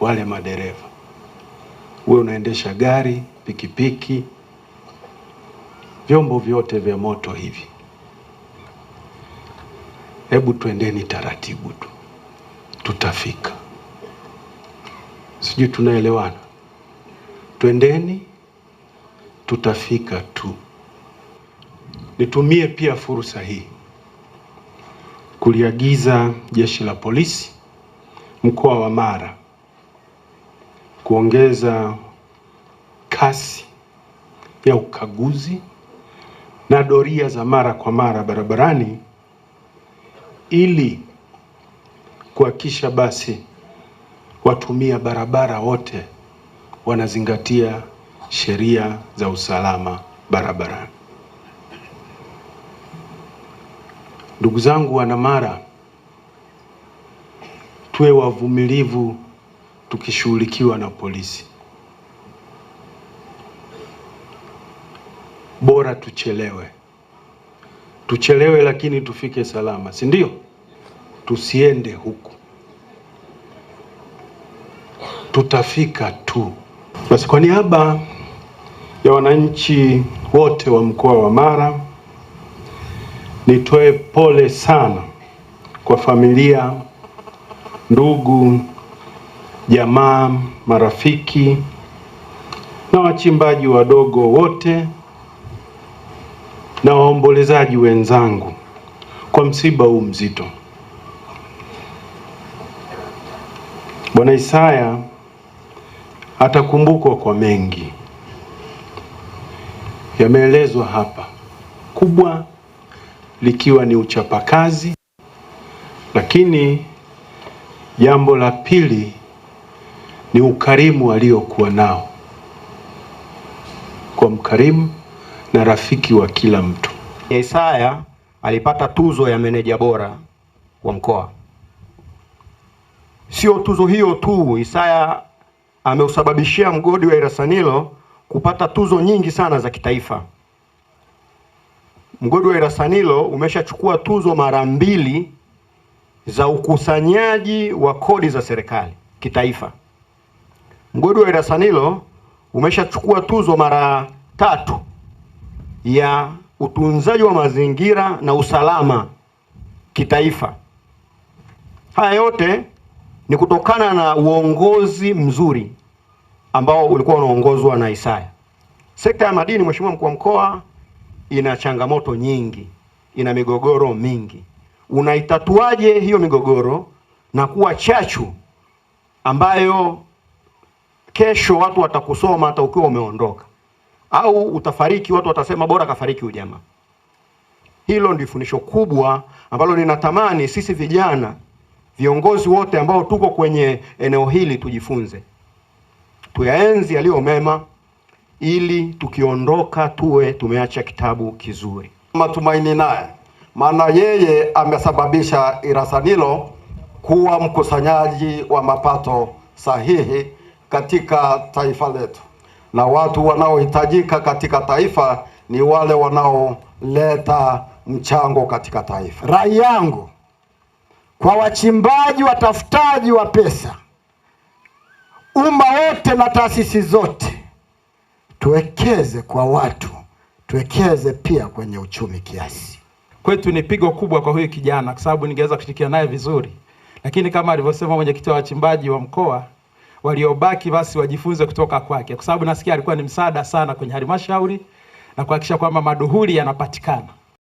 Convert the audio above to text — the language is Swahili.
wale madereva. Wewe unaendesha gari, pikipiki, vyombo vyote vya moto hivi, hebu twendeni taratibu tu, tutafika. Sijui tunaelewana? Twendeni, tutafika tu. Nitumie pia fursa hii kuliagiza jeshi la polisi mkoa wa Mara kuongeza kasi ya ukaguzi na doria za mara kwa mara barabarani ili kuhakikisha basi watumia barabara wote wanazingatia sheria za usalama barabarani. Ndugu zangu Wanamara, tuwe wavumilivu tukishughulikiwa na polisi. Bora tuchelewe, tuchelewe lakini tufike salama, si ndio? Tusiende huku, tutafika tu. Basi kwa niaba ya wananchi wote wa mkoa wa Mara nitoe pole sana kwa familia, ndugu jamaa, marafiki na wachimbaji wadogo wote na waombolezaji wenzangu kwa msiba huu mzito. Bwana Isaya atakumbukwa kwa mengi, yameelezwa hapa, kubwa likiwa ni uchapakazi, lakini jambo la pili ni ukarimu aliokuwa nao kwa mkarimu na rafiki wa kila mtu. Isaya alipata tuzo ya meneja bora wa mkoa. Sio tuzo hiyo tu, Isaya ameusababishia mgodi wa Irasanilo kupata tuzo nyingi sana za kitaifa. Mgodi wa Irasanilo umeshachukua tuzo mara mbili za ukusanyaji wa kodi za serikali kitaifa. Mgodi wa Irasanilo umeshachukua tuzo mara tatu ya utunzaji wa mazingira na usalama kitaifa. Haya yote ni kutokana na uongozi mzuri ambao ulikuwa unaongozwa na Isaya. Sekta ya madini, Mheshimiwa Mkuu wa Mkoa, ina changamoto nyingi, ina migogoro mingi. Unaitatuaje hiyo migogoro na kuwa chachu ambayo kesho watu watakusoma hata ukiwa umeondoka, au utafariki, watu watasema bora kafariki ujamaa. Hilo ndio fundisho kubwa ambalo ninatamani sisi vijana viongozi wote ambao tuko kwenye eneo hili tujifunze, tuyaenzi yaliyo mema, ili tukiondoka tuwe tumeacha kitabu kizuri. Matumaini naye, maana yeye amesababisha Irasanilo kuwa mkusanyaji wa mapato sahihi katika taifa letu, na watu wanaohitajika katika taifa ni wale wanaoleta mchango katika taifa. Rai yangu kwa wachimbaji, watafutaji wa pesa, umma wote na taasisi zote, tuwekeze kwa watu, tuwekeze pia kwenye uchumi kiasi. Kwetu ni pigo kubwa kwa huyu kijana, kwa sababu ningeweza kushirikiana naye vizuri, lakini kama alivyosema mwenyekiti wa wachimbaji wa mkoa waliobaki basi wajifunze kutoka kwake, kwa sababu nasikia alikuwa ni msaada sana kwenye halmashauri na kuhakikisha kwamba maduhuli yanapatikana.